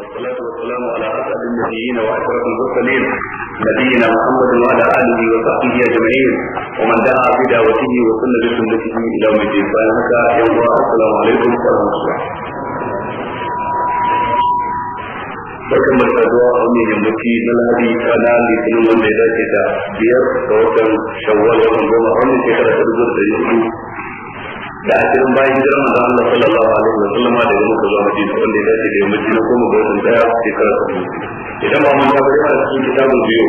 والصلاة والسلام على أسعد النبيين وأشرف المرسلين نبينا محمد وعلى آله وصحبه أجمعين ومن دعا بدعوته وسن بسنته إلى يوم الدين فإنك يوم السلام عليكم ورحمة الله barkan mu da zuwa wani yammaci na lahadi kana litinin wanda ya dace da biyar ga watan shawwal watan goma wannan shekara ta dubu da hudu da ashirin bayan hijirar manzo Allah sallallahu alaihi wa sallama daga Makka zuwa Madina wanda ya dace da yammacin na goma ga watan daya shekara ta biyu idan ba mun tabbata ba cikin kitabun biyu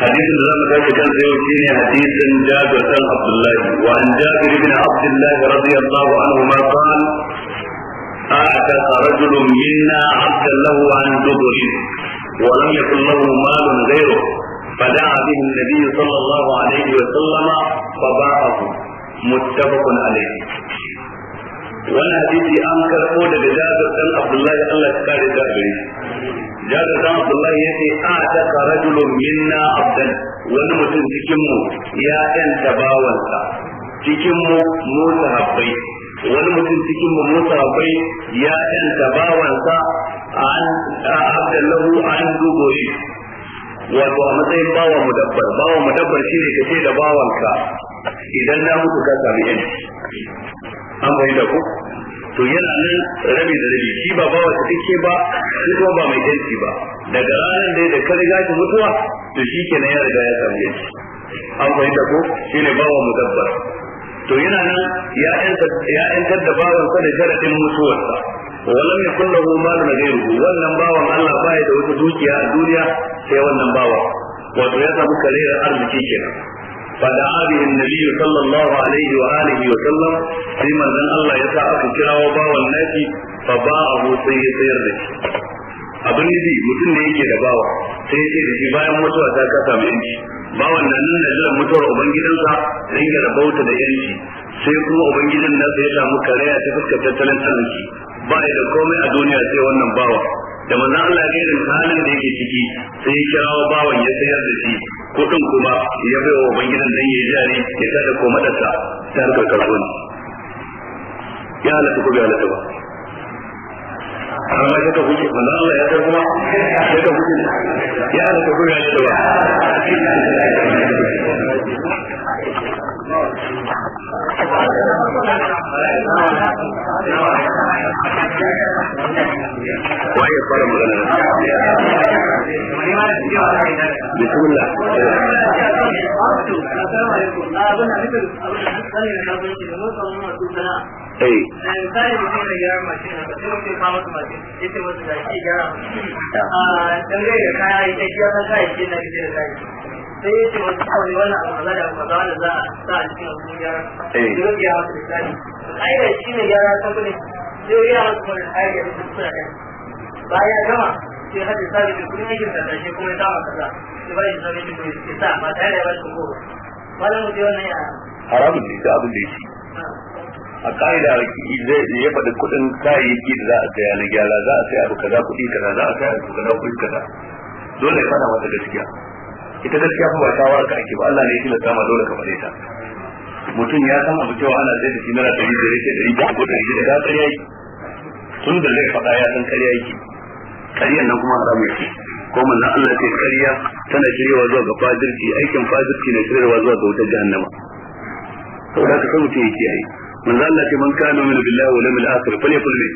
hadisin da zamu tashi kan zai shine hadisin Jabir bin Abdullah wa an Jabir bin Abdullah radiyallahu anhu ma qala أعتق رجل منا عبدا له عن دبر ولم يكن له مال غيره فدعا به النبي صلى الله عليه وسلم فباعه muttafaqun alayhi wannan hadisi an karbo daga Jabir dan Abdullahi Allah ya kare da gare Jabir dan Abdullahi yace a ta rajulun minna abdan wani mutum cikin mu ya yanta bawansa cikin mu mu sahabbai wani mutum cikin mu mu sahabbai ya yanta bawansa an abdallahu an dubo shi wato a matsayin bawa mudabbar bawa mudabbar shi ne kace da bawanka idan na mutu ka sami yanci an bai da ku to yana nan rabi da rabi shi ba bawa cikakke ba shi kuma ba mai yanci ba daga ranar da da ka riga shi mutuwa to shi kenan ya riga ya sami yanci an bai da ku shine bawa mudabbar to yana nan ya ya yantar da bawan sa da sharadin mutuwarsa walam yakun lahu malun ghayruhu wannan bawan Allah baya da wata dukiya a duniya sai wannan bawa wato ya samu karerar arziki kenan فدعا به النبي صلى الله عليه وآله وسلم لمن ذن الله يسعى كرا وباء الناس فباعه سيد سيرد abin nufi mutum da yake da bawa sai ya da shi bayan mutuwa ta ka samu yanci bawan na nuna da jiran mutuwar ubangidansa dan ya bauta da yanci sai kuma ubangidan nasa ya samu karaya ta fuskar tattalin arziki ba da komai a duniya sai wannan bawa da manzon Allah ga irin halin da yake ciki sai ya kirawo bawan ya sayar da shi kudin kuma ya bai wa ubangidan dan ya jari ya kada ko madarsa ta harkar karbon ya halatta ko bai halatta ba amma shaka kuke manzon Allah ya kuma shaka kuke ya halatta ko bai halatta ba waye fara magana bismillah da da da a da da sai ya ce wasu kawai wannan abu kaza da kaza wanda za a sa a cikin wasu gyara sai ya eh. wasu misali ayyar shi ne gyara kamfani sai ya wasu wani ayyar su suna kan bayan gama sai ya haɗe sabi da kudin aikin kasa shi kuma ya kama kasa sai bayan sabi da kudin ya sa ba tare da ya bashi goro malamu sai wannan ya haramun ne da abin da ya ci ah. a ka'ida zai ya faɗi kuɗin kayayyaki da za a saya na gyara za a saya abu kaza kuɗi kaza za a saya abu kaza kuɗi kaza dole ya faɗa mata gaskiya ita gaskiya fa ba shawara ka ake ba Allah ne ya tilasta ma dole ka fadaita ta mutum ya san abu cewa ana zai da shi naira ɗari da yake ɗari da ko ɗari da ya karya yi tun da zai faɗa ya san karya yake karyan nan kuma haramun yake ko manzon Allah ya ce karya tana shiryawa zuwa ga fajirci aikin fajirci ne shiryawa zuwa ga wutar jahannama da ka san mutum ya kiyaye manzo Allah ce man kana min billahi lam al akhir fa yakul min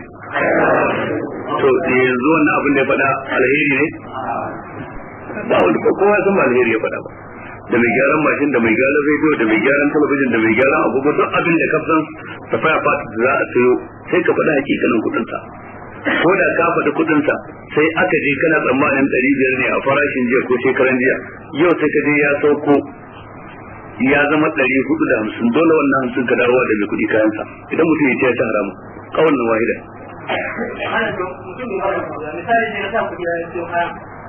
to yanzu wannan abin da ya faɗa alheri ne ba wani ko kowa san alheri ya faɗa ba da mai gyaran mashin da mai gyaran rediyo da mai gyaran talabijin da mai gyaran agogo duk abin da ka san ta faya fata da za a sayo sai ka faɗa hakikanin kuɗin sa ko da ka faɗi kuɗin sa sai aka je kana tsammanin ɗari biyar ne a farashin jiya ko shekaran jiya yau sai ka je ya sauko ya zama ɗari hudu da hamsin dole wannan hamsin ka dawowa da mai kuɗi kayansa idan mutum ya ce ya ta haramu kawai wahida. Misali ne na sa kuɗi ya ce sai ka faɗa masa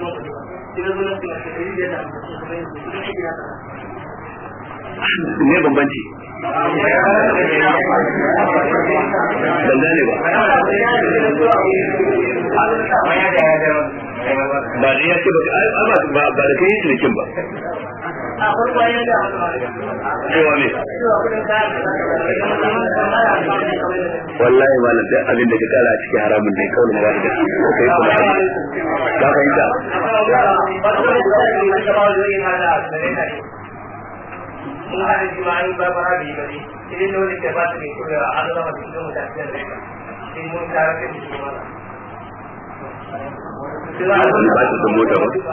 lokuta ne eh. bambanci ba ba da ba ba ba cewa ne abin da ka kara a cikin haramun ne da kuma ka fahimta mun hada jima'in ba ba ba ne idan da ba ne kuma a zama ba ba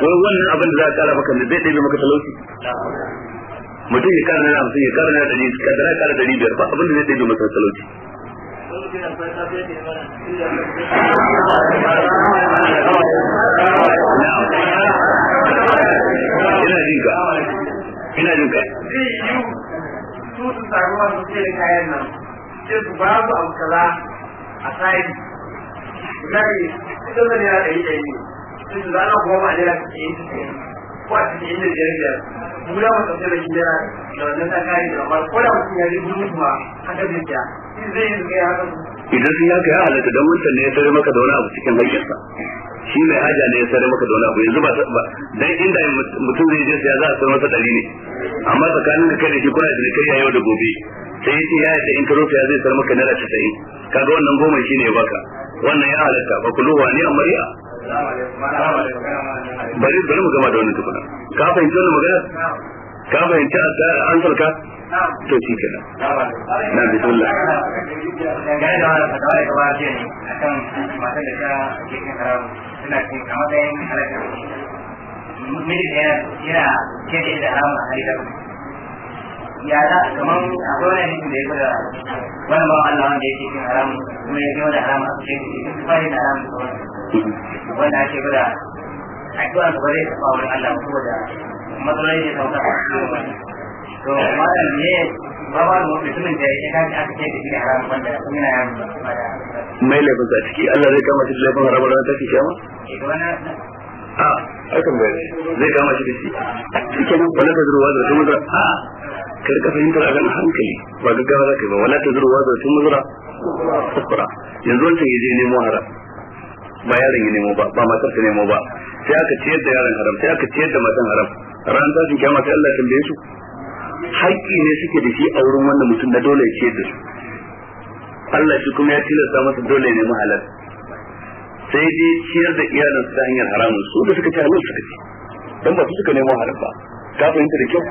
wai wannan abin da za a kara maka ne zai ɗebe maka talauci mutum ya kara naira hamsin ya kara naira ɗari ka da kara ɗari biyar ba abin da zai ɗebe maka talauci ina jin ka ina jin ka a su zana kuma ba ne da inda da da da wannan ta da ko da ya yi gudu kuma haka zai ta shi zai yi kai haka idan sun yaka ya halatta don wancan ne ya tare maka da wani abu cikin haƙƙinsa shi mai haja ne ya tare maka da wani abu yanzu ba dan inda mutum zai je ya za a sayar masa ɗari ne amma tsakanin ka kai da shi kuna da yau da gobe sai yace ya yadda in karo ya zai sayar maka naira 90 kaga wannan goma shine ya baka wannan ya halatta ba kuluwa ne amariya bari bari mu gama da wannan tukuna ka fahimci wannan magana ka fahimci an sarka to shi ke na bismillah gane da wani fatawa da gaba biya ne akan matan da ta ke kan suna cin a matsayin halatta miji yana yana kebe da haramu a ya za kamar akwai wani hadisin da ya gwada wani bawan Allah wanda yake cin haramu kuma ya wani haramu a cikin ba da haramu da wani da ake a addu'a ba bare taɓa wani Allah ko da matsalolin ya sauka a cikin wani to ne ba ba mu mutumin da ya kaji aka ce da shi haram wanda kuma yana yaro ba mai laifin sa ciki Allah zai kama shi da laifin haram ranar tafi kiyama eh, a aikan bai zai kama shi da shi cikin nan wala da zuruwa da kuma a ka rika a hankali ba gaggawa za ka yi ba wala ta zuruwa da kuma zura yanzu wancan je nemo haram ba yaron ya nemo ba ba matar ta nemo ba sai aka ciyar da yaron haram sai aka ciyar da matan haram ran tashin kiyama sai Allah tambaye su haƙƙi ne suke da shi a wurin wannan mutum na dole ya ciyar da su Allah shi kuma ya tilasta masa dole ne nemi halal sai dai ciyar da iyalin ta hanyar haramun su da suka ci halal suka ci dan ba su suka nemo halal ba ka fahimta da kyau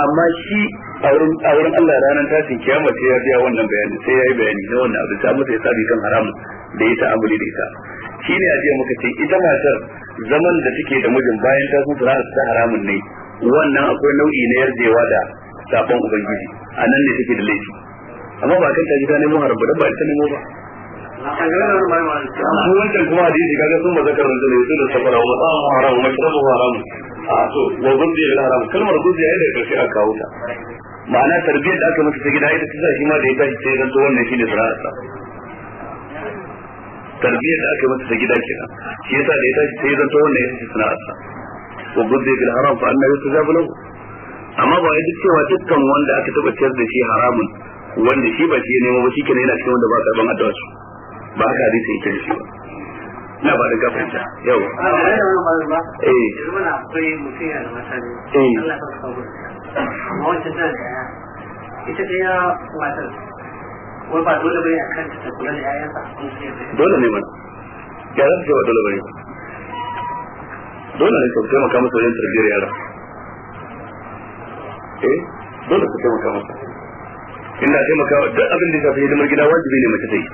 amma shi a wurin a wurin Allah ranar tashin kiyama sai ya biya wannan bayani sai ya yi bayani na wannan abu ta masa ya sabi kan haramun da ya ta'amuli da ita shi ne ajiya muka ce ita matar zaman da take da mijin bayan ta za su ta haramun ne wannan akwai nau'i na yarjewa da sabon ubangiji a nan ne take da laifi amma ba kan ta ji ta nemo haramu ba ta nemo ba su wancan kuma hadisi kaga sun mazakar da ne su da safara wa tsamu haramu mashrabu haramu a to wa gurbi da haramu kalmar gurbi yayin da karshe a kawo ta ma'ana tarbiyyar da aka masa ta gida ita ta sa shi ma da ya tashi sai zanto wannan shine sana'arsa tarbiyyar da aka yi masa ta gida kenan shi yasa da ya tashi sai zanto wannan ya tafi sana'arsa wa budde bil haram fa annahu yustajabu lahu amma ba ya cewa dukkan wanda aka tabbatar da shi haramun wanda shi ba shi ne ba shi kenan yana cikin wanda ba karban addu'a su ba haka hadisi yake da shi ba na ah, ba da gafanta yau eh muna akwai mutum yana mata ne eh. Allah ka kawo ita ta ya matar ko ba dole bane akan ta kula da yayansa dole ne mana ya zan ce ba dole bane dole ne ka taimaka masa wajen tarbiyyar yara eh dole ka taimaka masa inda taimaka duk abin da ya shafi hidimar gida wajibi ne mace ta yi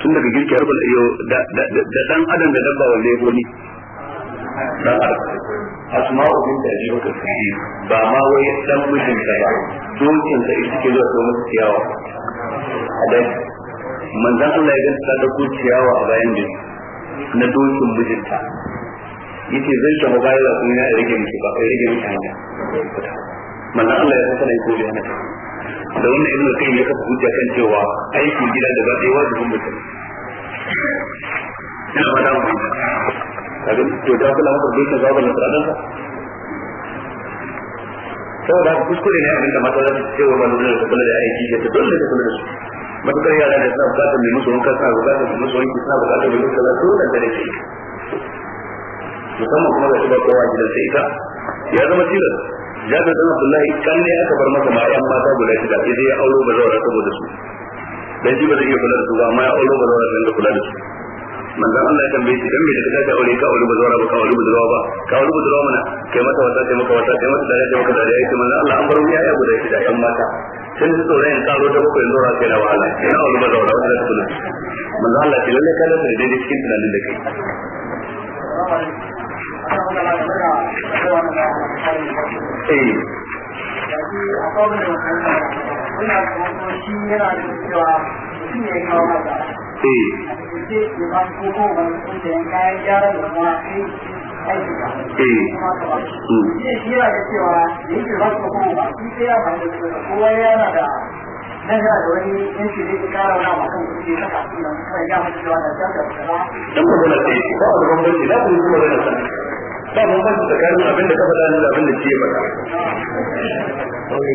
tun daga girki har bala iyo da dan adam da dabba wanda ya goni dan adam asma'u bin da jiwa ka ba ma wai dan mijin ka ba dokin ka ita ke zuwa ko masa a manzan Allah ya ganta da ko ciyawa a bayan da na dokin mijinta yace zai ta bayar da kuma ya rage miki ba ya rage miki hanya manzan Allah ya fasa na yi koli hana ta da wannan ibnu kai ya kafa hujja kan cewa aikin gida da ba dai wajibin mutum ina ba mu mu ga to da kula da dai ka zaba na tsadan saboda haka kuskure ne abin da mata za su ce wa manzon su kula da aiki ya dole ne kula da su matukar yara da suna bukatar mai musu wanka suna bukatar su musu wanki suna bukatar mai musu kaza dole da nake musamman kuma da shi ba kowa gidan sai ita ya zama tilas jabir dan abdullahi kan ne aka bar masa ma yan mata guda shida sai dai ya auro bazawara saboda su dan shi ba zai iya kula da su ba amma ya auro bazawara dan da kula da su manzon Allah ya tambaye shi dan me da ta aure ka aure ba ka aure ba ka aure mana kai mata wata kai maka wata kai mata da ya maka da ya ce manzon Allah an bar mu yaya guda shida yan mata sai su tsoron in karo ta bakwai zora kai na wahala ina aure bazawara da suna manzon Allah ke lalle kada sai dai cikin tunanin da kai eh akwai da wannan ce imam ko ko ba da eh. da da da da da da da da da da da da da ba mun ba tsakanin abin da ka faɗa da abin da ke faɗa wani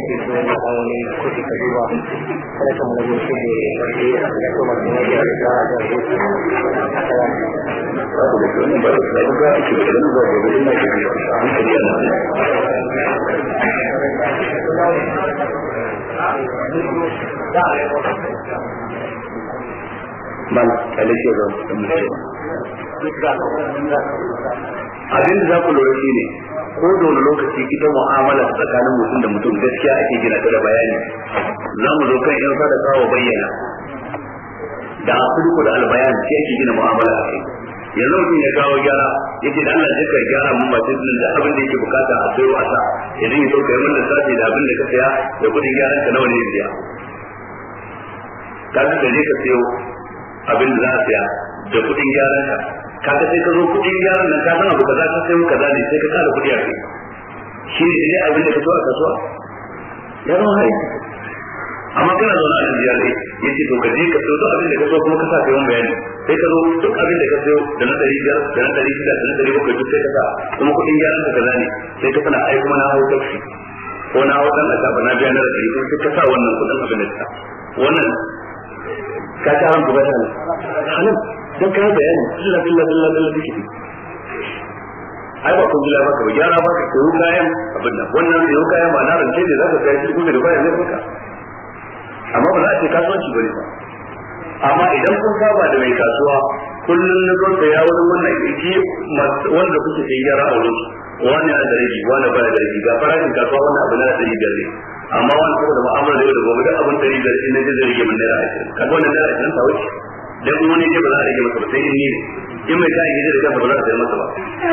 ke so na wani kuɗi ka duba kada ka mana gudu da wani da kuma kuma da riga da gudu babu da wani ba da ga ake da wani ba da wani da hankali a nan من عليك يا رب abin da za ku lura shi ne ko da wani lokaci ita mu'amala tsakanin mutum da mutum gaskiya ake gina ta da bayani za mu zo kan yan sadaka wa bayyana da asirku da albayan shi ake gina mu'amala a kai yanzu mutum ya kawo gyara yake da Allah zai gyara mun ba tun da abin da yake bukata a sai wasa idan ya sauka mun lissafi da abin da ka saya da kudin gyaran ka nawa ne ya biya ka da ne ka sayo abin da za a saya da kudin gyaran ka kaga sai ka zo kuɗin yaron nan ka san abu kaza ka sayo kaza ne sai ka kara kuɗi a kai shi ne dai abin da ka so a kasuwa ya zama hari amma kana zaune a biyar ne ya ce to ka je ka sayo duk abin da ka so kuma ka sa sayon bayani sai ka zo duk abin da ka sayo da na ɗari biyar da na ɗari shida da na ɗari bakwai duk sai ka sa kuma kuɗin yaron ka kaza ne sai ka sana ai kuma na hau taxi ko na hau ɗan asaba na biya na da ɗari kuma sai ka sa wannan kuɗin abin da ka wannan ka ta haramta ba ta halal dan ka bayani illa billa billa billa dake ai ba kun bila baka ba gyara ba baka koyo kayan abin nan wannan koyo kayan ba na rance ne zaka kai shi kuma da bayan ne baka amma ba za a ce kasuwanci bane ba amma idan kun saba da mai kasuwa kullum na zo da yawo wannan yake wanda kuke yi gyara a wurin wani a da rabi wani ba da rabi ga farashin kasuwa wani abu na da biyar ne amma wani saboda mu'amala da yau da gobe da abin da rabi da rabi na da rage mun naira 20 kaga wannan naira 20 ta wuce dan kuma ne ba za a rage masa ba sai in ne in mai kayan gidan da ba za a sayar masa ba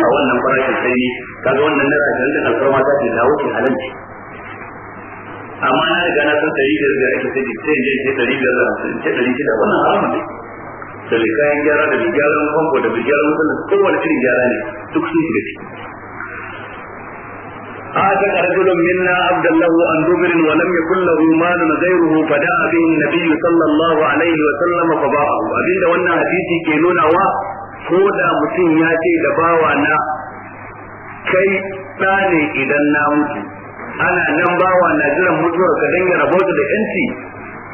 a wannan farashin sai ne kaga wannan naira da nan alfarma ta ce dawo ki halalci amma na riga na san sai da da ake sai sai ne sai da biyar da hamsin sai dari shida wannan haramun ne da mai kayan gyara da mai gyaran famfo da mai gyaran mutum da kowane irin gyara ne duk sun shiga ciki آتك رجل منا عبد له عن دبر ولم يكن له مال غيره فداء به النبي صلى الله عليه وسلم فباعه أبين da wannan hadisi ke nuna wa ko da mutum ya ce da bawa na kai ɗa ne idan na mutu ana nan bawa na jiran mutuwar ka dan ya da yanci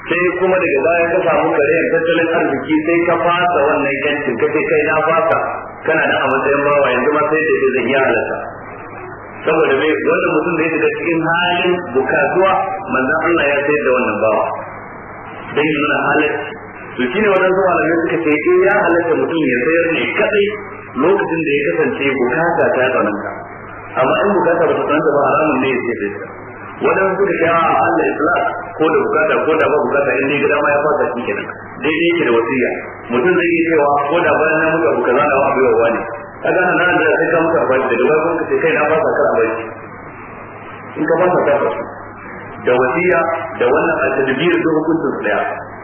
sai kuma daga baya ka samu kare tattalin arziki sai ka fasa wannan yancin ka sai kai na fasa kana da a matsayin bawa yanzu ma sai da zai iya halarta saboda mai wanda mutum da ya shiga cikin halin bukatuwa manzan Allah ya sayar da wannan bawa don na nuna to shi wannan zuwa malamai suka ce eh ya halatta mutum ya sayar ne kadai lokacin da ya kasance bukata ta tsananta amma in bukata ba ta tsananta ba haramun ne ya ce da ita waɗansu suka ce a Allah tsara ko da bukata ko da ba bukata in dai gida ma ya fasa shi kenan daidai yake da wasiya mutum zai yi cewa ko da bayan na muka kaza na wa abuwa ne kaga nan nan da sai ka muka bai da bayan ka sai kai na fasa ka bai in ka fasa ka bai da wasiya da wannan al-tadbir da hukuncin su daya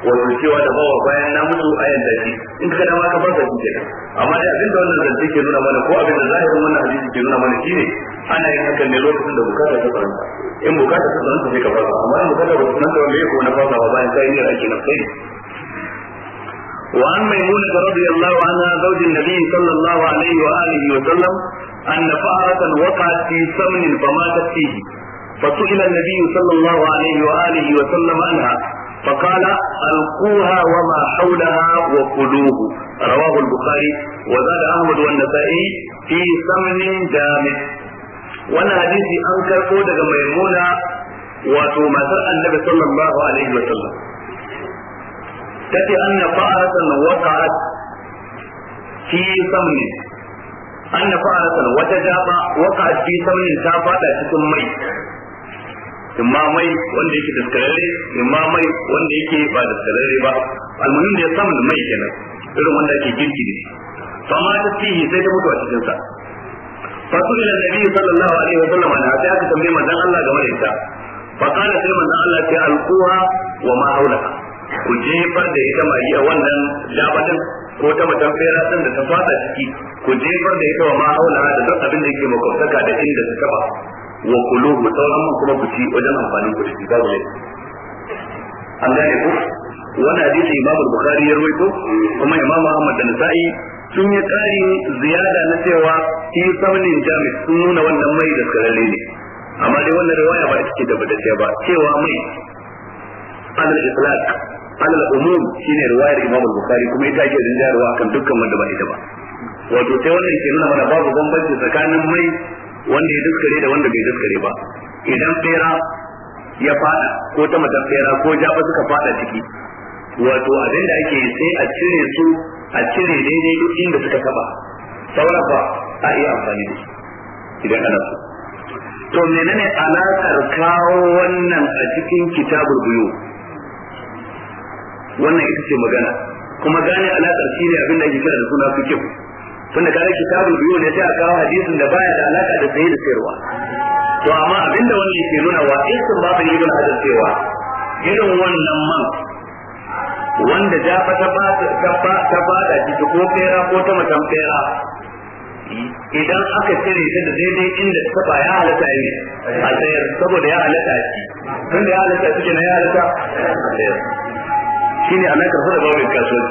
wato cewa da bawa bayan na mutu ayan da shi in ka dama ka fasa shi kenan amma dai abin da wannan zance ke nuna mana ko abin da zahirin wannan hadisi ke nuna mana shine ana yin hakan ne lokacin da bukata ta tsaranta in bukata ta tsaranta sai ka fasa amma in bukata ba ta tsaranta wanda ya ko na fasa ba bayan kai ne ake na kai وعن ميمونة رضي الله عنها زوج النبي صلى الله عليه وآله وسلم أن فأرة وقعت في سمن فماتت فيه فسئل النبي صلى الله عليه وآله وسلم عنها فقال ألقوها وما حولها وكلوه رواه البخاري وزاد أحمد والنسائي في سمن جامد وأنا حديثي أنكر karɓo ميمونة maimuna wato النبي صلى الله عليه وسلم tace anna fa'aratan waqa'at fi samni anna fa'aratan wata daba waqa'at fi samni ta fada cikin mai imma mai wanda yake daskararre imma mai wanda yake ba daskararre ba almuhim da ya samu mai kenan irin wanda ake girki ne fa ma ta fihi sai ta mutu a cikin sa fa su ila nabi sallallahu alaihi wa sallam ana sai aka tambaye manzon Allah ga da ta. fa kana sai manzon Allah sai alquha wa ma haulaha ku jefar da ita a wannan labatin ko ta matan fera sun da ta fada ciki ku jefar da ita wa ma'aula da duk abin da yake makwabtaka da inda suka taba wa kuluhu sauran kuma ku ci wajen amfanin ku da shi babu laifi an gane ku wani hadisi imam bukhari ya rawaito kuma imam ahmad da sa'i sun yi tsari ziyada na cewa shi saunin jami'i sun nuna wannan mai da karalle ne amma dai wannan riwaya ba ita ce da ba cewa mai alal islaq alal umum shine riwayar Imam Bukhari kuma ita ke rinjarwa kan dukkan wanda ba ita ba wato sai wannan ke nuna mana babu bambanci tsakanin mai wanda ya daskare da wanda bai daskare ba idan fera ya fada ko ta mata fera ko jaba suka fada ciki wato abin da ake sai a cire su a cire daidai duk inda suka taba saura ba a iya amfani da su idan ana so to menene alakar kawo wannan a cikin kitabul buyu wannan ita ce magana kuma gane alaƙar shi ne abin da ake kira da suna kyau tunda kare kitabul biyu ne sai a kawo hadisin da baya da alaƙa da sai da sayarwa to amma abin da wannan ke nuna wa isin ba bin ibn hadar cewa irin wannan man wanda ja fa ta ba ta ba da ciki ko kera ko ta matan kera idan aka cire ta da daidai inda ta ba ya halatta yi a sayar saboda ya halata shi tunda ya halatta shi ne ya halatta a sayar shine alakar sa da babin kasuwanci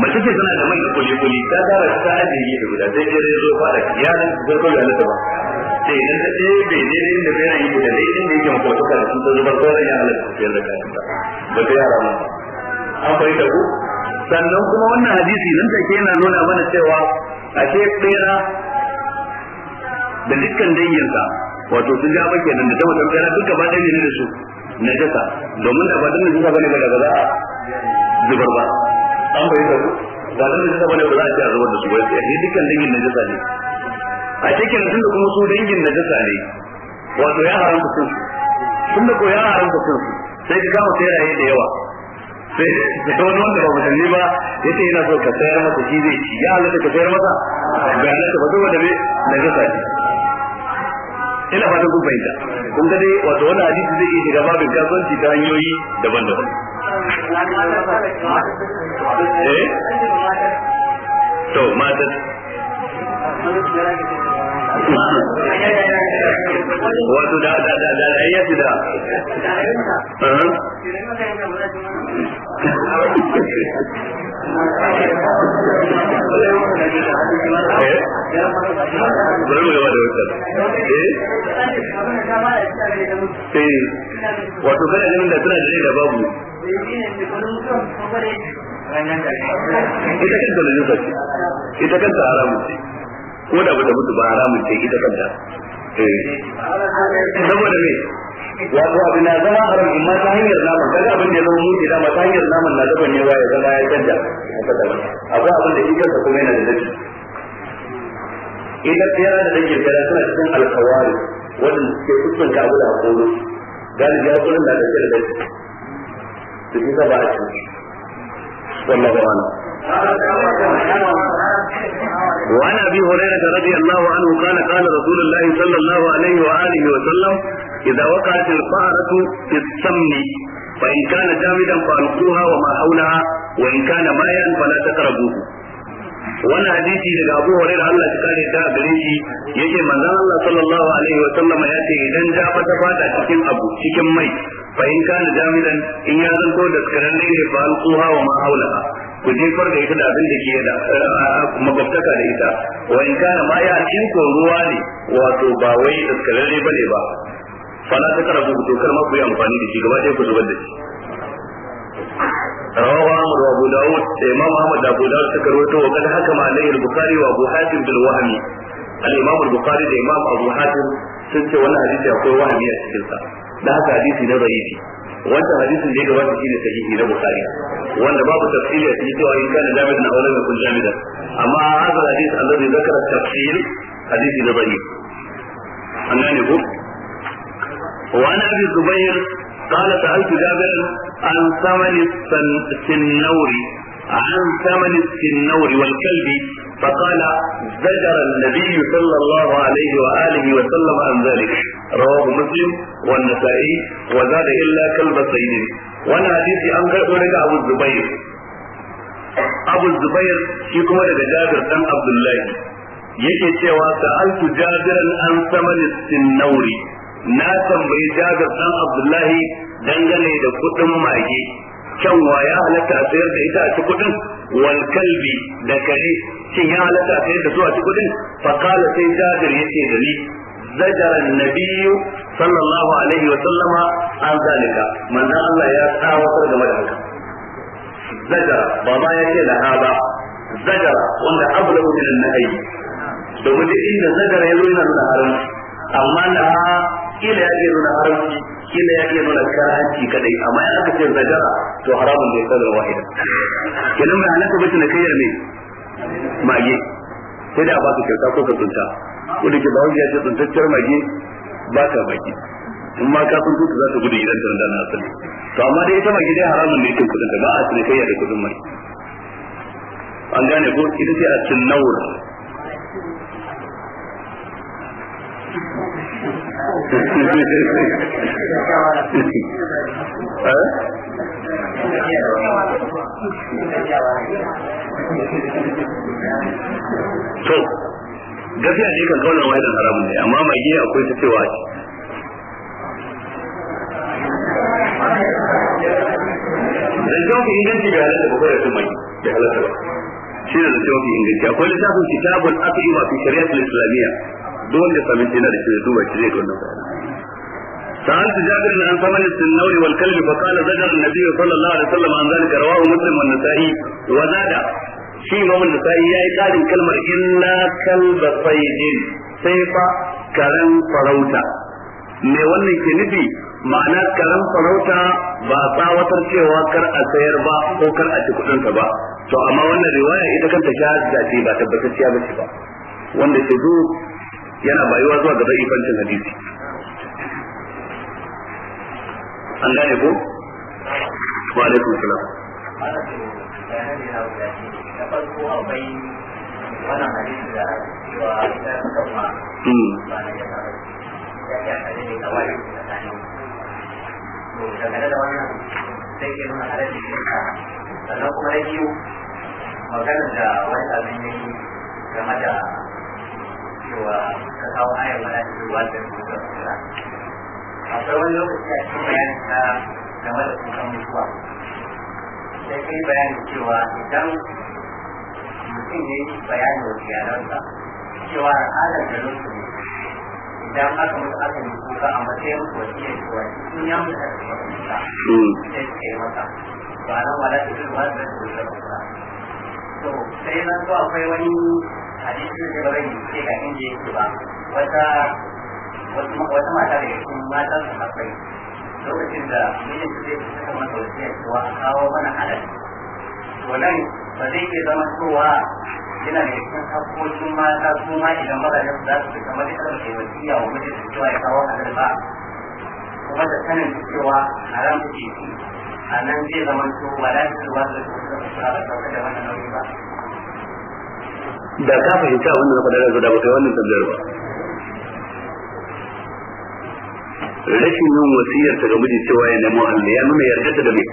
mace ce tana da mai kuli kuli ta tara ta ajiye da guda sai dai zo fara yaran zarko ya lata ba sai idan ta ce bai ne ne da bai yi guda dai inda yake mako to kada sun zubar sauran ya halatta su yarda kayan ta ba ta yara ma an fahimta ta ku sannan kuma wannan hadisi nan take yana nuna mana cewa a ce tsira da dukkan danginsa wato sun ja kenan da ta mutum tsira duk gaba ɗaya ne da su najasa domin da ba dan najasa bane ba daga za a zubar ba an bai da ba dan najasa bane ba za a a zubar da su ba sai dukkan dangin najasa ne a cikin sun da kuma su dangin najasa ne wato ya haramta sun tun da ko ya haramta sun sai ka kama sai da yawa sai da wani wanda ba musulmi ba ya ce yana so ka sayar masa shi zai ci ya halatta ka sayar masa ga halatta ba saboda me na jasa ne. ina fatan kun fahimta kun ga dai wato wani hadisi zai iya shiga babin kasuwanci ta hanyoyi daban-daban eh to matar wato da da da da da ya uh-huh. eh? da eh? Eh, wato kana ganin da tana da rai da babu ita kanta da yusa ita kanta haramun ce ko da bata mutu ba haramun ce ita kanta Eh. saboda me wato abu na zama haram in ma ta hanyar naman kaga abin da ya zama mutu dama ta hanyar naman na daban ne ya zama ya canja akwai abin da shi kansa kuma yana da dafi idan ya da dake kira suna cikin alkawari wannan ke kusan ka abu da hakuri galibi ya kullun da dake da dafi su kisa ba a cikin wannan ba وعن ابي هريره رضي الله عنه قال قال رسول الله صلى الله عليه واله وسلم اذا وقعت الفاره في السمن فان كان جامدا فالقوها وما حولها وان كان مايا فلا تقربوه wannan hadisi daga Abu Hurairah Allah ya kare ta gare shi yake manzon Allah sallallahu alaihi wa sallama ya ce idan ja fata fada cikin abu cikin mai fa in kana jamidan in ya zanto da karanne ne wa ku je da ita da abin da ke da eh, makwabtaka da ita wa in kana ma ya in ko ruwa ne wato ba wai daskararre bane ba Fana ta karabu to kar ma ku yi amfani da shi gaba ɗaya ku zubar da shi رواه عمر وابو داود الامام احمد ابو داود سكروته وقد حكم عليه البخاري وابو حاتم بالوهمي الامام البخاري da imam abu hatim sun ce wani hadisi akwai wahami a cikin sa da haka hadisi na dhaifi wanda hadisin da ya gabata shine sahihi na bukhari wanda babu tafsiri a cikin cewa in kana jami'an na wala yakun jami'an amma hadal hadis alladhi zakara tafsir hadisi da bani annan ne ko wa ana abi zubair قال سألت جابرا عن ثمن السنوري عن ثمن السنور والكلب فقال زجر النبي صلى الله عليه وآله وسلم عن ذلك رواه مسلم والنسائي وزاد إلا كلب السيد وانا حديثي عن ولد أبو الزبير أبو الزبير فيكم ولد جابر بن عبد الله yake cewa sa'altu jabiran an samani sinnauri na tambayi jabir dan abdullahi dangane da kudin mage kyanwa ya halatta a sayar da ita a ci kudin wal kalbi da kare shin ya halatta a sayar da su a ci kudin fa kala sai jabir ce da ni زجر النبي sallallahu alaihi wa sallama, an zalika manna Allah ya تاوتر game da haka zajara ba ma yake da haba zajara wanda abla min an-nahy domin inda zajara ya nuna da haram amma na ila ya nuna haramci kila ya iya nuna karanci kadai amma in aka ce zagara to haramun ne sanar wahida kenan mai halaka bace na kayyar ne mage sai da ba su kyauta ko ka tsunta ko da ke ba ya ce tsuntacciyar mage ba ta baki in ma ka sun za ta gudu gidan da na asali to amma dai ita mage dai haramun ne cin kudin da ba a cinikayya da kudin mai an gane ko ita ce a cin nawar to gafiya ne kan kaunar wahidan haramun ne amma mai giya akwai ta cewa ce dan jawo inganci ga halatta ba ko su mai da halatta ba shi ne da cewa fi inganci akwai littafin kitabul aqima fi shari'atul islamiyya duk wanda samin yana da shi duba shi zai ga سألت جابر عن ثمن السنور والكلب فقال زجر النبي صلى الله عليه وسلم عن ذلك رواه مسلم والنسائي وزاد shi imam nasa'i ya yi ƙarin kalmar illa kalba sayyidin sai karen farauta me wannan ke nufi ma'ana karan farauta ba a tsawatar cewa kar a sayar ba ko kar a ci kudinsa ba to amma wannan riwaya ita kanta shahada ce ba tabbatacciya ba ce ba wanda ke zo yana bayuwa zuwa ga zaifancin hadisi an gane ko wa alaikum salam wannan hadisi da cewa ita kan ba na ya shafi ne kawai tsakanin da wannan sai ke nuna halar jikin ka kuma na biyu maganar da wani abin ne game da cewa ka kawo ayar mana da da ruwa da akwai lokaci a cikin bayanin ka game da kukan mutuwa sai ka bayanin cewa idan mutum ya bayanin wa iyalansa cewa al'adar da lokacin idan aka mutu aka yi kuka a matsayin wasiyar cewa sun ya mutu sai suka yi ba nan wala ta yi ba da kuka to sai na akwai wani hadisi da ga inda yake ba wata wata mata da yake mata su akwai lokacin da mijin zai fita wasiyar a kawo mana halal to nan ba zai iya zama cewa yana da cikin hakkokin mata su ma idan mazajen su za su fi kamar ita mace wasiya wa mijin su cewa ya kawo halal ba kuma da sanin cewa haram su ke ci a nan zai zama to ba za su ba su da su ba su da wannan nauyi ba. da ka fahimci abin da na faɗa da ba kai wannan tambayar ba rashin yin wasiyar ta ga miji cewa ya nemo halal ya nuna yarda ta da mai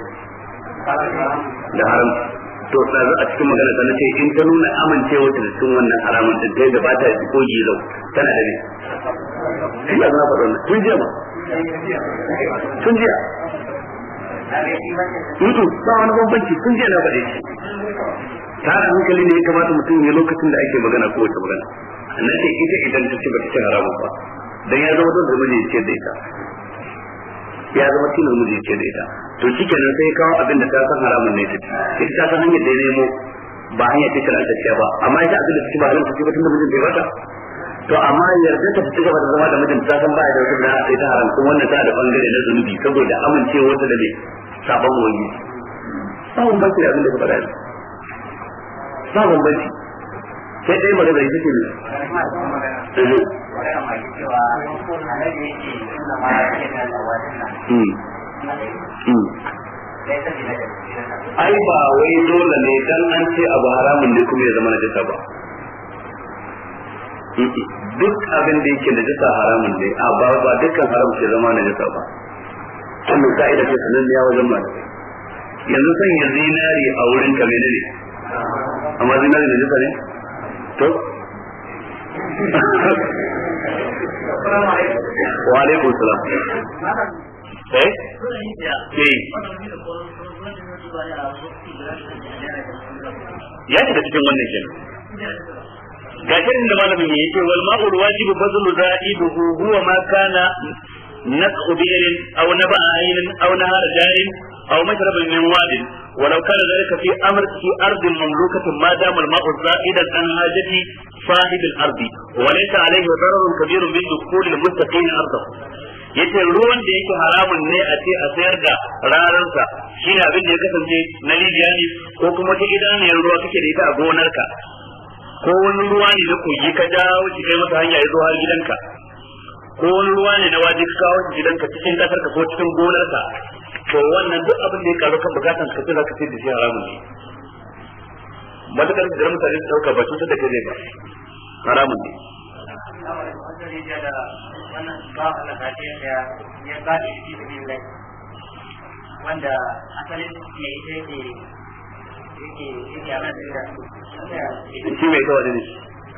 da haramci to tsazo a cikin magana ta nace in ta nuna amincewa ta cikin wannan haramun din kai da bata ji ko gizo tana da ne shi ya zama faɗa tun jiya ba tun jiya Mutu ba wani bambanci tun jiya na faɗe shi. Tara hankali ne ya kamata mutum ya lokacin da ake magana ko wata magana. Na ce ita idan ta ce ba ta ci haramun ba. Dan ya zama don zama ne ya ce da ita. ya zama tilas mu ce da ita to shikenan sai kawo abin da ta san haramun ne ta ita ta san hanyar da ya nemo ba hanyar ta karantacciya ba amma ita abin da take ba haramta ce ba tun da mijin bai bata to amma yarda ta ci gaba da zama da mijin ta san ba da wata da sai ta haram kuma wannan ta da bangare na zunubi saboda amincewa ta da bai saban wani ba mun ba abin da ka faɗa ba mun ba sai dai magana ita ce ne magana cewa ma da hmm. Hmm. ai ba wai dole ne dan an ce abu haramun ne kuma ya zama na jisa ba hmm. duk abin da yake jisa haramun ne a ba ba dukkan haram ke zama na jisa ba wannan ka'ida ce sanan ya wajen malamai yanzu sanya zinari a wurin ka ne amma zinari jisa ne to wa alaikum salam eh? Eh. ya shiga cikin wannan kenan ga shirin da malamin ya ce wal ma'ul wajibu bazlu za'ibuhu huwa ma kana nasqu bi'rin aw naba'a aw nahar jarin أو مشرب من واد ولو كان ذلك في أمر في أرض مملوكة ما دام الماء زائدا عن حاجة صاحب الأرض وليس عليه ضرر كبير من دخول المستقيم أرضه yace ruwan da yake haramun ne a ce a sayar da rararsa shi ne abin da ya kasance na rijiya ne ko kuma ta ne ruwa kake da ita a gonarka ko wani ruwa ne na kogi ka dawo shi kai masa hanya ya zo har gidanka ko wani ruwa ne na waje ka kawo shi gidanka cikin kasar ka ko cikin gonarka to wannan duk abin da ya karu kan bukatan ka za ka ce da shi haramun ne matakar da mutane su dauka ba cutar da kai zai ba haramun ne wanda asalin mai ita yake yake yake ana da shi mai kawai da shi mai ita ah,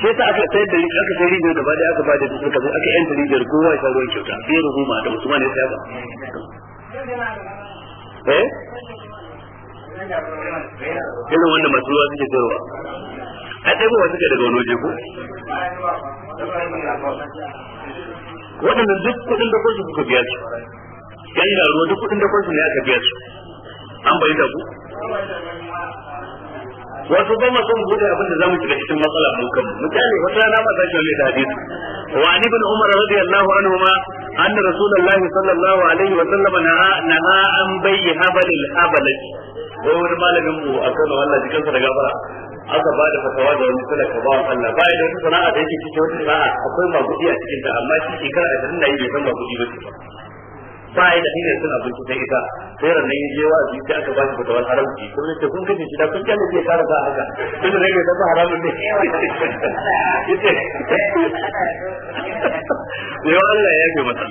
sai ta aka da aka da aka bada duk aka yanta rijiyar kowa ya kyauta sai ya saya ba eh wanda masu ruwa suke sayarwa a ɗaya ba suke daga wani waje ko waɗannan duk kuɗin da kwanci kuka biya su yan garuwa duk kuɗin da kwanci ne aka biya su an bai da ku wato ba ma son bude abin da zamu shiga cikin matsala mu kan mutane wata rana ba za ki da hadisi wa ani ibn umar radiyallahu anhu ma anna rasulullahi sallallahu alaihi wa sallam na naha an bayyana balil abalaji ko wani malamin mu akan wallahi sa da gafara aka ba da fatawa da wani kula ka ba wa Allah ba da wata sana'a da yake cikin wata sana'a akwai magudi a cikin ta amma shi shekara ashirin na yi bai san magudi ba ce ba ya da hanyar sun abinci sai ita sai ran nan je wa sai aka ba shi fatawar haramci ko ne kun kace shi da kun kalle sai fara ba haka kun da ne ba haramun ne yace Allah ya yi masa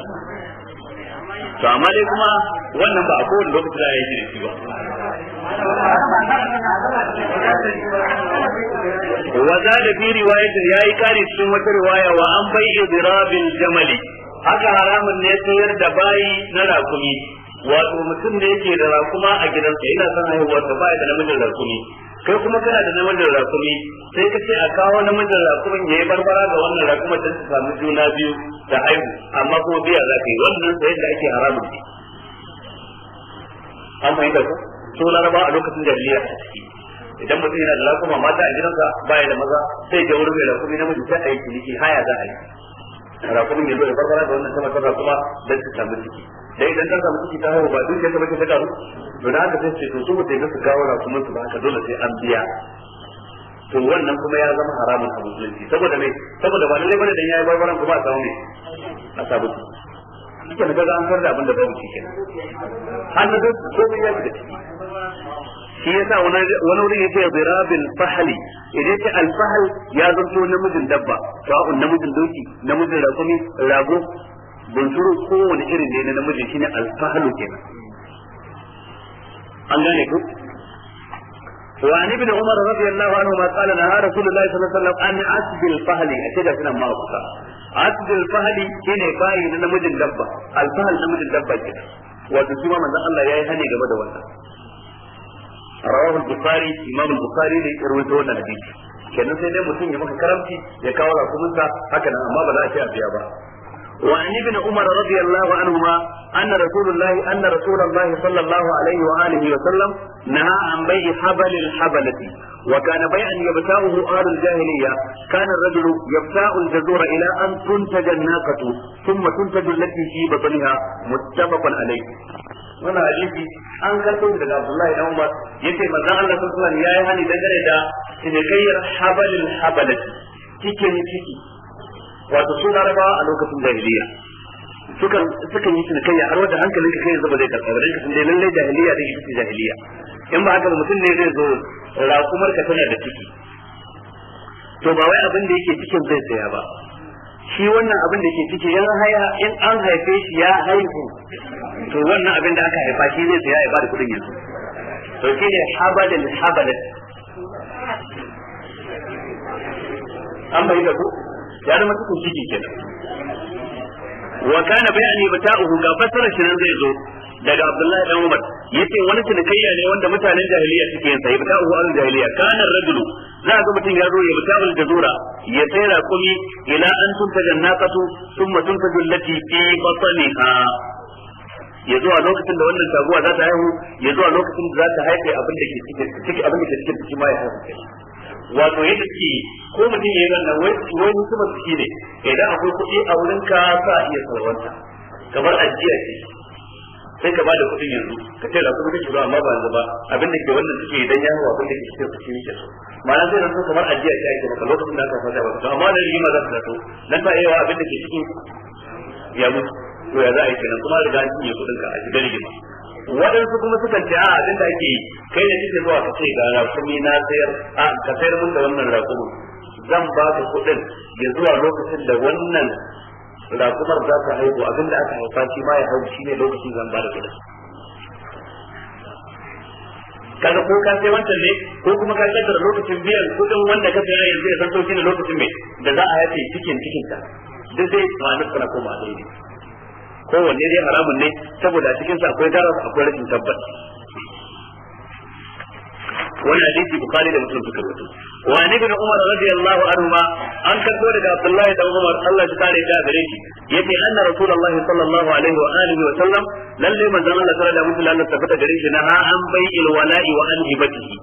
to amma dai kuma wannan ba a kowane lokaci da ya yi shi ba wa za da fi riwayatin ya yi kari cikin wata riwaya wa an bai idrabin jamali haka haramun ne sayar da bayi na rakumi wato mutum ne yake da rakuma a gidansa yana son haihuwar da bayi da namijin rakumi kai kuma kana da namijin rakumi sai kace akawa a kawo namijin rakumin ya yi barbara ga wannan rakumin da su samu juna biyu da haihu amma kuma biya za ka yi wannan sai da ake haramun ne an fahimta ko su laraba a lokacin da a ciki idan mutum yana da rakuma mata a gidansa baya da maza sai ya wurin rakumi lakumi namiji sai a yi ciniki haya za a yi rakumin yanzu ya farfara da wannan sama sama kuma dan ta samu ciki dai idan ta samu ciki ta haihu ba duk yadda bace ta karu to da haka sai to su ba dai su kawo rakumin su ba haka dole sai an biya to wannan kuma ya zama haramun a musulunci saboda me saboda ba lalle bane dan yayi barbaran kuma a samu me a samu ciki kana ga an farda abin da babu ciki kenan har da ko ya da ciki shi yasa wani wuri yake zirabil fahali idan ce alfahal ya zanto namijin dabba sawa'un namijin doki namijin rakumi rago bunturu wani irin ne na namijin shine alfahalu kenan an gane ku وعن ابن عمر رضي الله عنهما قال نهى رسول الله صلى الله عليه وسلم عن عسب الفهل أكيد سنة ما أبقى الفهل الفهل كده wato shi ma Allah yayi hani game da wannan rawahu bukari imam bukari ne ya rawaito wannan hadisi kenan sai dai mutum ya maka karamci ya kawo rakumunsa haka nan amma ba za a ce a biya ba وعن ابن عمر رضي الله عنهما أن رسول الله أن رسول الله صلى الله عليه وآله وسلم نهى عن بيع حبل الحبلة وكان بيعا يبتاؤه أهل الجاهلية كان الرجل يبتاء الجزور إلى أن تنتج الناقة ثم تنتج التي في بطنها متفق عليه wannan hadisi an karɓo daga Abdullahi dan Umar yace manzon Allah sallallahu alaihi wasallam yayi hani dangane da cinikayyar habalil habalati cikin ciki wato su larabawa a lokacin jahiliya sukan sukan yi cinikayya har wanda hankali ka kai yanzu zai karɓa ba dan dai lalle jahiliya dai shi jahiliya in ba haka mutum ne zai zo raƙumar ka tana da ciki to ba wai abin da yake cikin zai saya ba shi wannan abin da yake ciki in haya in an haife shi ya haihu to wannan abin da aka haifa shi zai saya ya ba da kuɗin yanzu to shi ne habalin habalin an bai da ku ya zama cikin ke kenan wa kana bayani bata'uhu ga fasara shi nan zai zo daga Abdullahi dan Umar yace wani cinikayya ne wanda mutanen jahiliya suke yin sa ya bata'uhu al jahiliya kana rajulu za ga mutum ya zo ya bata'u da jazura ya tsaya kumi ila an tuntaja naqatu thumma tuntaju allati fi batniha ya zuwa lokacin da wannan taguwa za ta haihu ya zuwa lokacin da za ta haife abin da ke cikin abin da ke cikin cikin mai haihu wato yadda suke ko mutum ya yi zanna wai hikima su shi ne idan akwai kuɗi a wurin ka sa iya salwanta kamar ajiya ce sai ka bada kuɗin yanzu ka ce da kuma kake zuwa amma ba yanzu ba abin da ke wannan suke idan ya hawa abin da ke cikin su shi su ma'ana zai zanto kamar ajiya ce ake maka lokacin da aka fata ba su amma da yi ma za su zato nan ba yawa abin da ke cikin ya mutu to ya za a yi kenan kuma riga an cinye kuɗin ka a shiga rigima waɗansu kuma sukan ce a abin da ake yi kai ne kike zuwa ka ce ga rakumi na sayar a ka sayar mun da wannan rakumi zan ba ka kuɗin ya zuwa lokacin da wannan rakumar za ta haihu abin da aka haifa shi ma ya hau shi ne lokacin zan ba da kuɗin kaga ko ka sai wancan ne ko kuma ka kaddara lokacin biyan kuɗin wanda ka saya yanzu ya san sauki ne lokacin mai da za a yi cikin cikin ta duk dai ma'anar kana koma daidai kowanne dai haramun ne saboda cikin sa akwai garas akwai rashin tabbas wani hadisi bukhari da muslim suka rubuta wa ni bin umar radiyallahu anhu ma an karbo daga abdullahi da umar Allah ya kare da gare shi yace anna rasulullahi sallallahu alaihi wa alihi wa sallam lalle manzon Allah sallallahu alaihi wa sallam Allah tabbata gare shi na ha an bai'il wala'i wa an hibatihi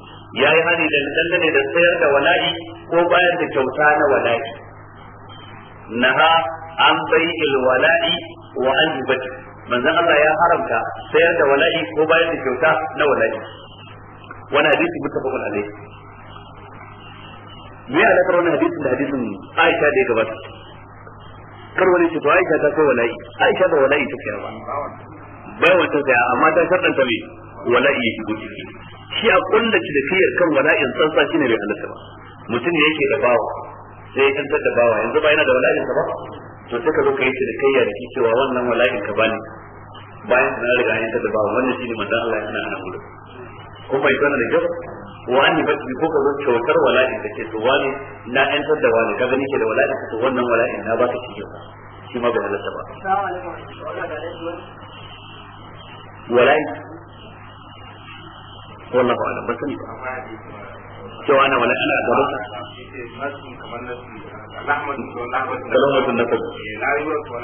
yayi hani da dangane da sayar da wala'i ko bayar da kyauta na wala'i naha an bai ilwala'i wa an hibati manzon Allah ya haramta sayar da wala'i ko bayar da kyauta na wala'i wani hadisi muttafaqun alai. me ya alakar wani hadisin da hadisin Aisha da ya gabata kar wani ce to Aisha ta kai wala'i Aisha da wala'i ta kai ba bai wata sai amma ta shaddanta mai wala'i ya shigo ciki shi a kullace da fiyar kan wala'in tsantsa ne bai halatta ba mutum ne yake da bawa zai ya da bawa yanzu ba yana da wala'in ba to sai ka zo ka yi cinikayya da shi cewa wannan wala'in ka bani bayan na riga yantar da bawa wannan shine manzon Allah yana nan gudu ko bai tana da kyau wani ba ki ko ka zo kyautar wala'in ka ce to wani na yantar da wani ka gani ke da wala'in ka to wannan wala'in na ba ka ci kyauta shi ma bai halatta ba wala'in wallahu a'lam ba sani ba cewa na wani ana gaba yana gaba kanta bane kamar kamar ana ba kamar ta sai wa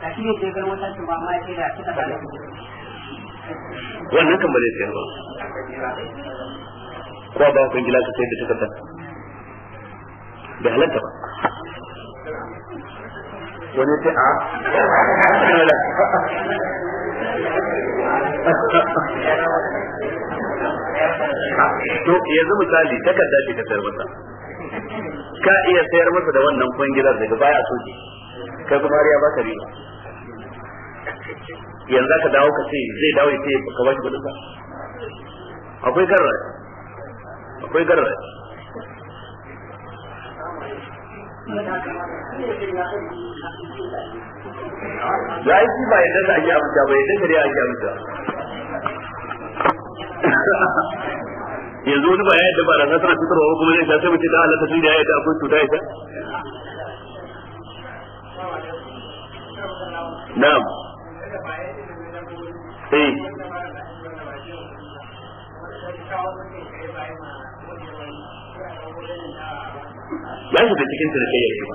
da shi ba ya ba wannan kan ba ko ba kun gila ka sai da takarda da halatta ba wani ce a ah, to yanzu misali takarda ce ka sayar masa ka iya sayar masa da wannan gidan daga baya a soke kai kuma ya ba ka riba yanzu ka dawo ka ce zai dawo ya ce ka ba shi kuɗin akwai garra akwai garra da ai shi ba yadda da ake abuja ba yadda shari'a ake abuja yanzu wani ba ya yadda ba da sasana cutarwa kuma zai sha sai mace ta halatta sun da ya yadda akwai cuta ya Na'am. Eh. ya shiga cikin cinikayyar shi ya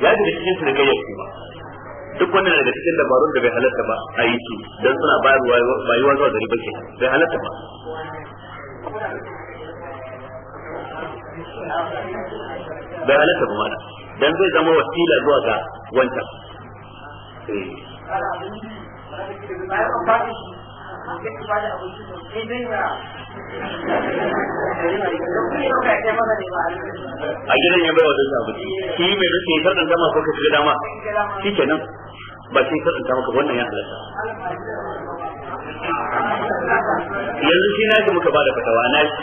shiga cikin cinikayyar shi ba duk wannan daga cikin dabarun da bai halatta ba a yi su don suna bayarwa bayuwa zuwa gari bakin bai halatta ba bai halatta ba mana don zai zama wasila zuwa ga wancan eh. a gidan ya baiwa dukkan abu shi mai rashin ya sarɗanta ma ko ka shiga dama shi nan ba shi sarɗanta maka wannan ya halatta yanzu shi na shi muka ba da fatawa na shi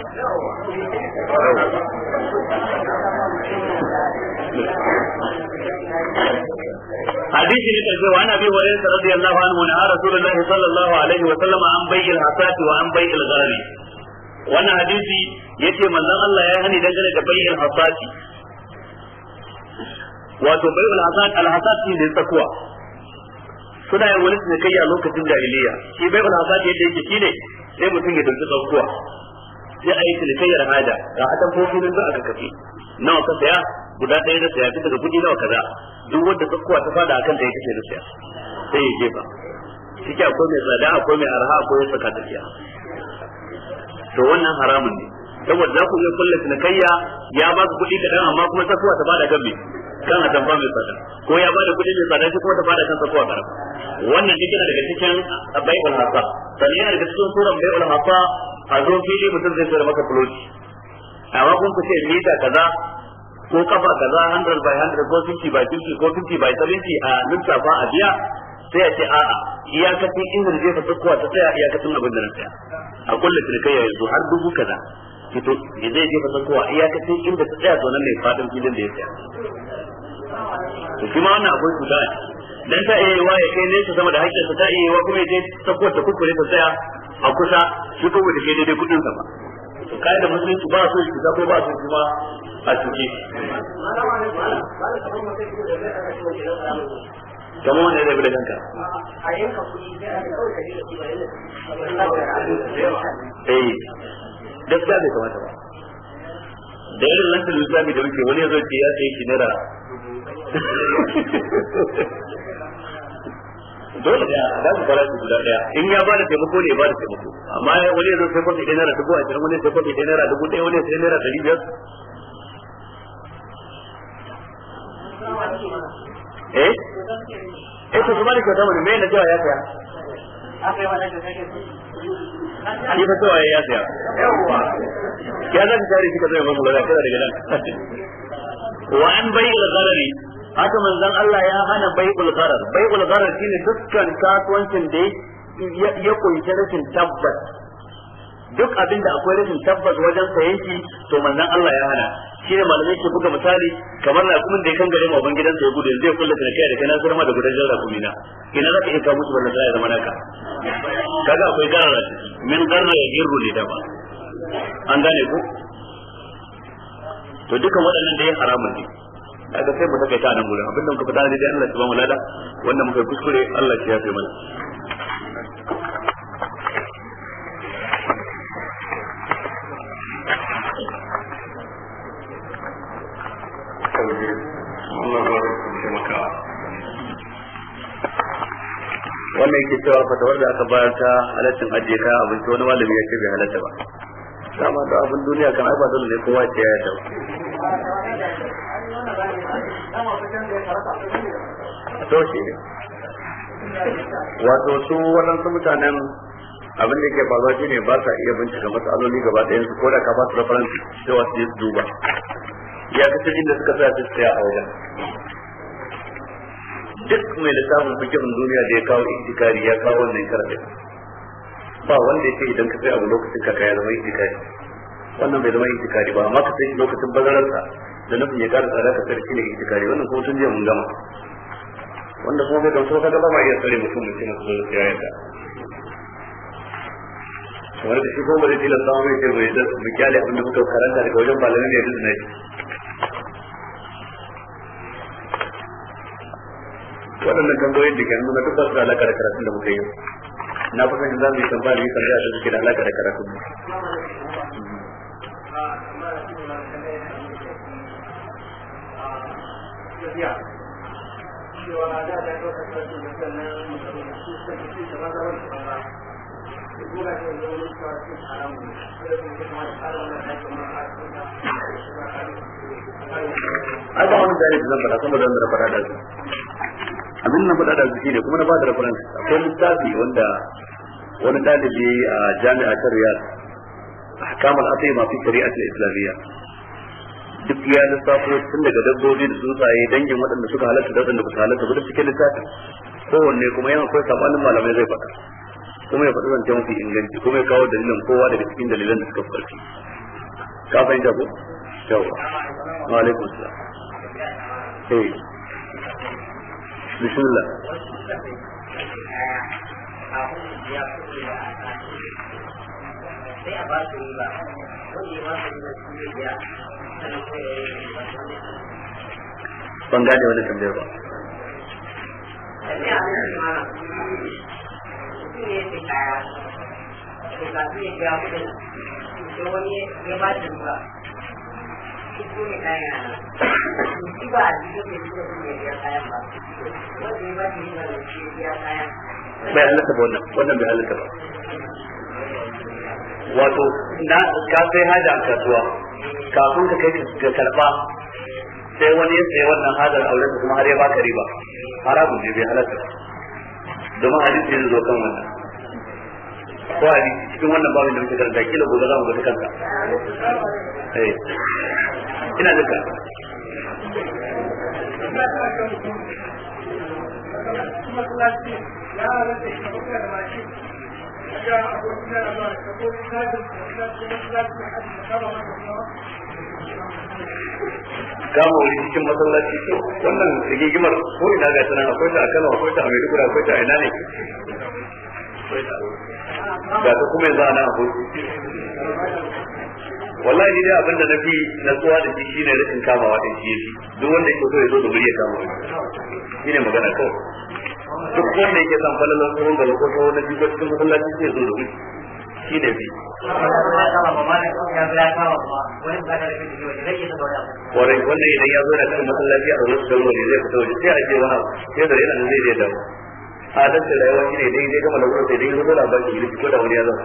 حديث نتاجه وعن ابي هريره رضي الله عنه نهى رسول الله صلى الله عليه وسلم عن بيع الحصاة وعن بيع الغرر wannan hadisi ce, manzon Allah ya hani dangane da bayin hasati wato bayin hasat al-hasat ne da tsakuwa suna yin wani a lokacin jahiliya shi bayin hasat yadda yake shine sai mutum ya dinka takwa sai a yi cinikayyar hada ga adam ko nan da a kafe nawa ka saya guda ɗaya da saya duka da kuɗi nawa kaza duk wanda tsakuwa ta fada akan da yake sai da saya sai ya jefa shi akwai mai tsada akwai mai arha akwai ta tsakiya to wannan haramun ne saboda za ku yi kullum na kayya ya ba ku kuɗi kaɗan amma kuma sakuwa ta bada gambe kan a tamfa mai tsada ko ya bada kuɗi mai tsada shi kuma ta bada kan sakuwa karama wannan duk yana daga cikin bai'ul hafa sannan yana daga cikin suran bai'ul hafa a zo fili mutum zai sayar maka kuloci amma kun ku ce mita kaza ko kafa kaza 100 by 100 ko 50 by 50 ko 50 by 70 a lissafa a biya sai ya ce a'a iyakacin inda zai fata kowa ta tsaya iyakacin abin da na tsaya a kulla cinikayya yanzu har dubu kaza fito da zai jefa fasa kowa iyakacin inda ta tsaya to nan ne fadin filin da ya tsaya to kuma wannan akwai cuta dan ta iya yiwa ya kai nesa sama da hakkinsa ta iya yiwa kuma ya je ta kowa ta kukkure ta tsaya a kusa shi kuma da ke daidai kudin sa ba to kai da musulunci ba so shi ko ba so shi ma a cikin kamar wanda zai bi da kanka eh gaskiya bai kamata ba da irin lantar lissafi da muke wani ya ya sayi shi naira dole da ba su farashi guda daya in ya bada taimako ne ba da taimako amma wani ya sai kwafi ɗaya naira dubu ashirin wani sai kwafi ɗaya naira dubu ɗaya wani sai naira ɗari biyar eh eh to kuma ne kyauta mana me na cewa ya saya shi fa ya saya ya za ka tare shi ka zai mamu gaza kada daga nan wa an bai al-gharari haka manzon Allah ya hana bai'ul gharar bai'ul gharar shine dukkan kasuwancin da ya kunshi rashin tabbas duk abin da akwai rashin tabbas wajen sayan shi to manzon Allah ya hana shine malamai ke buga misali kamar na kuma da kan gare mu gidan sai gudu zai kulle kana kai da kana sarma da gudan jarra kuma ina ina zaka iya kawo musu wannan sai zama naka kaga akwai garara min garra ya girru ne da ba an gane ku to dukan waɗannan da ya haramun ne kaga sai mu ta nan abin abinda muka fada dai Allah ya ba mu lada wanda muka kuskure Allah ya yafe mana yake cewa fatawar da aka bayar ta halaccin ajiye kaya abinci wani malami ya ce bai halatta ba sama da abin duniya kan ai ba dole ne kowa ce ya dau to shi wato su waɗansu mutanen abin da ke faruwa shi ne ba sa iya bincika matsaloli gaba ɗayan su ko da ka ba su reference cewa su yi duba ya kasar inda suka tsaya su tsaya a wajen duk mai littafin fikirin duniya da ya kawo itikari ya kawo wannan karfe ba wanda yake idan ka sai abu lokacin ka ya zama itikari wannan bai zama itikari ba amma ka sai lokacin bazararsa da nufin ya kara tsada ka sai ne itikari wannan kuma tun jiya mun gama wanda kuma bai gamsu kaga ba ma iya tsare mutum mutum su zo wani kamar da shi ko ba tilasta mai ce bai da mu kyale abin da muka karanta daga wajen malamai ne da na shi waɗannan tambayoyin da ke nuna duk basu da alaƙa da karatun da muka yi na kusan za mu yi tambaya yi tambaya da suke da alaƙa da karatun da da ai ba wani dalil zan faɗa kuma zan na faɗa da su abin na faɗa da su ne kuma na ba da reference akwai littafi wanda wani dalibi a jami'a ta riyad a al-atima fi shari'at al-islamiyya duk ya lissafo tun daga dabbobi da tsuntsaye dangin waɗanda suka halatta da waɗanda ba su halatta ba da cikin littafin kowanne kuma yana akwai sabanin malamai zai faɗa kuma ya faɗi zance mafi inganci kuma ya kawo dalilin kowa daga cikin dalilan da suka farki ka fahimta ko yawa wa alaikum salam eh bismillah ban gane wani tambayar ba shi ya a da ya wato na ka sai haja a kasuwa kafin ka kai ka karba sai wani ya sayi wannan hajar aure kuma har ya baka riba haramun ne bai halatta domin hadisi ne zo kan wannan ko hadisi cikin wannan babin da muke karanta kila gobe za mu ga kanka eh ina duka masallaci ya kama wuri cikin masallaci to wannan rigigimar ko ina ga sanan akwai ta a Kano akwai ta a Maiduguri akwai ta a ina ne ga ta kuma yanzu ana abu wallahi ni dai abin da na fi natsuwa da shi shine rashin kamawa din shi duk wanda yake so ya zo da wuri ya kama shi ne magana kawai duk wanda yake san falalan tsohon gaba ko wani na biyu cikin masallaci sai zo da wuri shi ne bi kwarai wanda idan ya zo da cikin masallaci a wani tsohon ne zai fito waje sai a je wani sai da yana zai zai dawo adalcin rayuwa shi ne dai dai gama da wurin sai dai zo ba shi ne ko da wani ya zama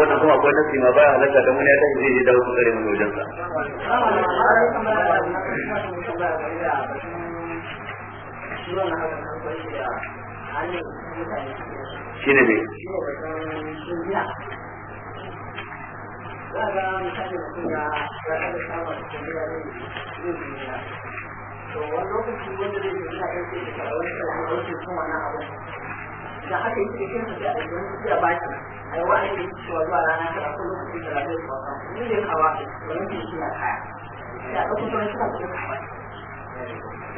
wannan kuma akwai nasi ma baya halatta da wani ya tafi zai je dawo su kare mu wajensa shi ne a to wani lokaci wanda zai yi sa ɗan sai da wani da wani sun wani abu da haka yake kin su da yi su da baki ai wa ne yake cewa zuwa rana ta ko lokaci da rana ta ba ni ne kawa wani ke shi na kaya da ɗaukar wani suna da kaya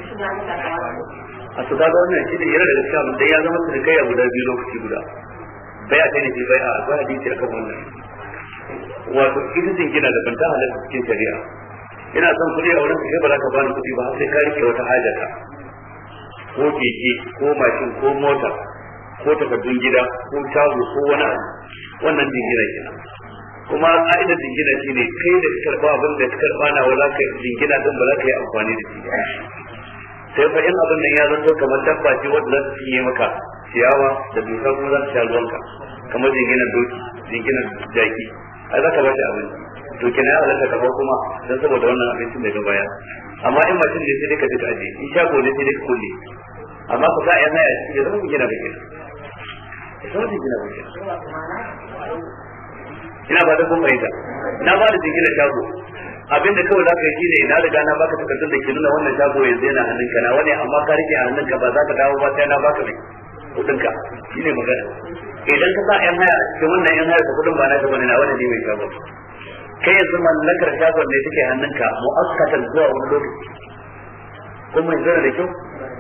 shi na ni da kaya a to kaga wannan shi ne yana da gaskiya mun dai ya zama sirkaya guda biyu lokaci guda bai a kai shi bai a akwai hadisi akan wannan wato ita jingina da ban ta halatta cikin shari'a ina son kuɗi a wurin kai ba za ka bani kuɗi ba sai ka rike wata hajata ko keke ko mashin ko mota ko takardun gida ko shago ko wani abu wannan jingina kenan kuma ka'idar jingina ne, kai da ka karba abin da ka karba na wa za ka jingina din ba za ka yi amfani da shi sai fa in abin nan ya zanto kamar dabba ce wanda za su yi maka ciyawa da dusa kuma za su sha ruwanka kamar jinginan doki jinginan jaki a za ka ba shi abinci to kina ya halatta ka kuma don saboda wannan abincin da ka baya amma in mutum ne sai dai ka duka aje in shago ne sai dai ka kulle amma ku sa yana ya ce zama gina bai gina zama gina bai gina ina ba da kuma fahimta na ba da jingina shago abin da kawai zaka yi shine na riga na baka takardun da ke nuna wannan shago yanzu yana hannunka na wani amma ka rike a hannunka ba za ka dawo ba sai na baka mai kudinka shine magana idan ka sa yan haya cikin wannan yan haya kudin ba na ka bane na wani ne mai shago kai yanzu mallakar shagon ne take hannunka mu'akkatan zuwa wani lokaci ko mai zara da kyau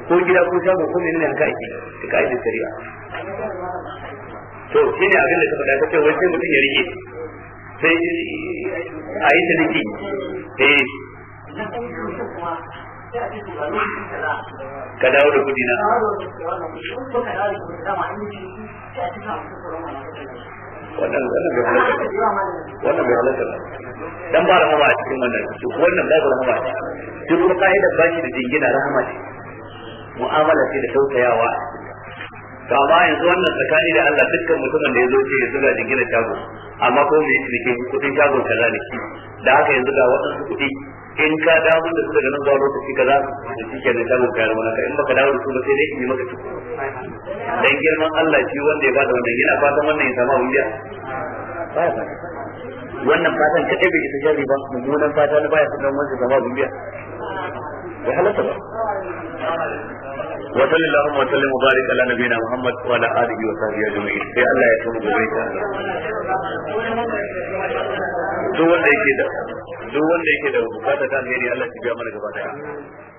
ko gida ko shago ko menene haka ake da ka'idar shari'a to shine abin da ka faɗa kace wai sai mutum ya rike sai a yi ciniki eh ka dawo da kudi na wannan wannan bai halatta wannan bai halatta ba dan ba rahama a cikin wannan su wannan babu rahama ce duk kuma ka'idar bashi da jingina rahama ce mu'amala ce da tausayawa to amma yanzu wannan tsakani da Allah dukkan mutumin da ya zo ce ya zuga gina shago amma ko me yake nake kudin shago kaza shi da haka yanzu ga waɗansu kuɗi in ka dawo da su daga nan zuwa lokaci kaza da shi kenan shago ka yarwa naka in baka dawo da su ba sai dai in yi maka tuku dan girman Allah shi wanda ya bada wannan yana fatan wannan ya samu wuya wannan fatan kadai bai isa jari ba mummunan fata fatan baya sanar wanda ya samu wuya bai halatta ba wa sallallahu wa sallam mubarak ala nabiyina muhammad wa ala alihi wa sahbihi ajma'in sai Allah ya tsoro gobe ta duk wanda yake da duk wanda yake da bukata ta alheri Allah ya biya mana gaba daya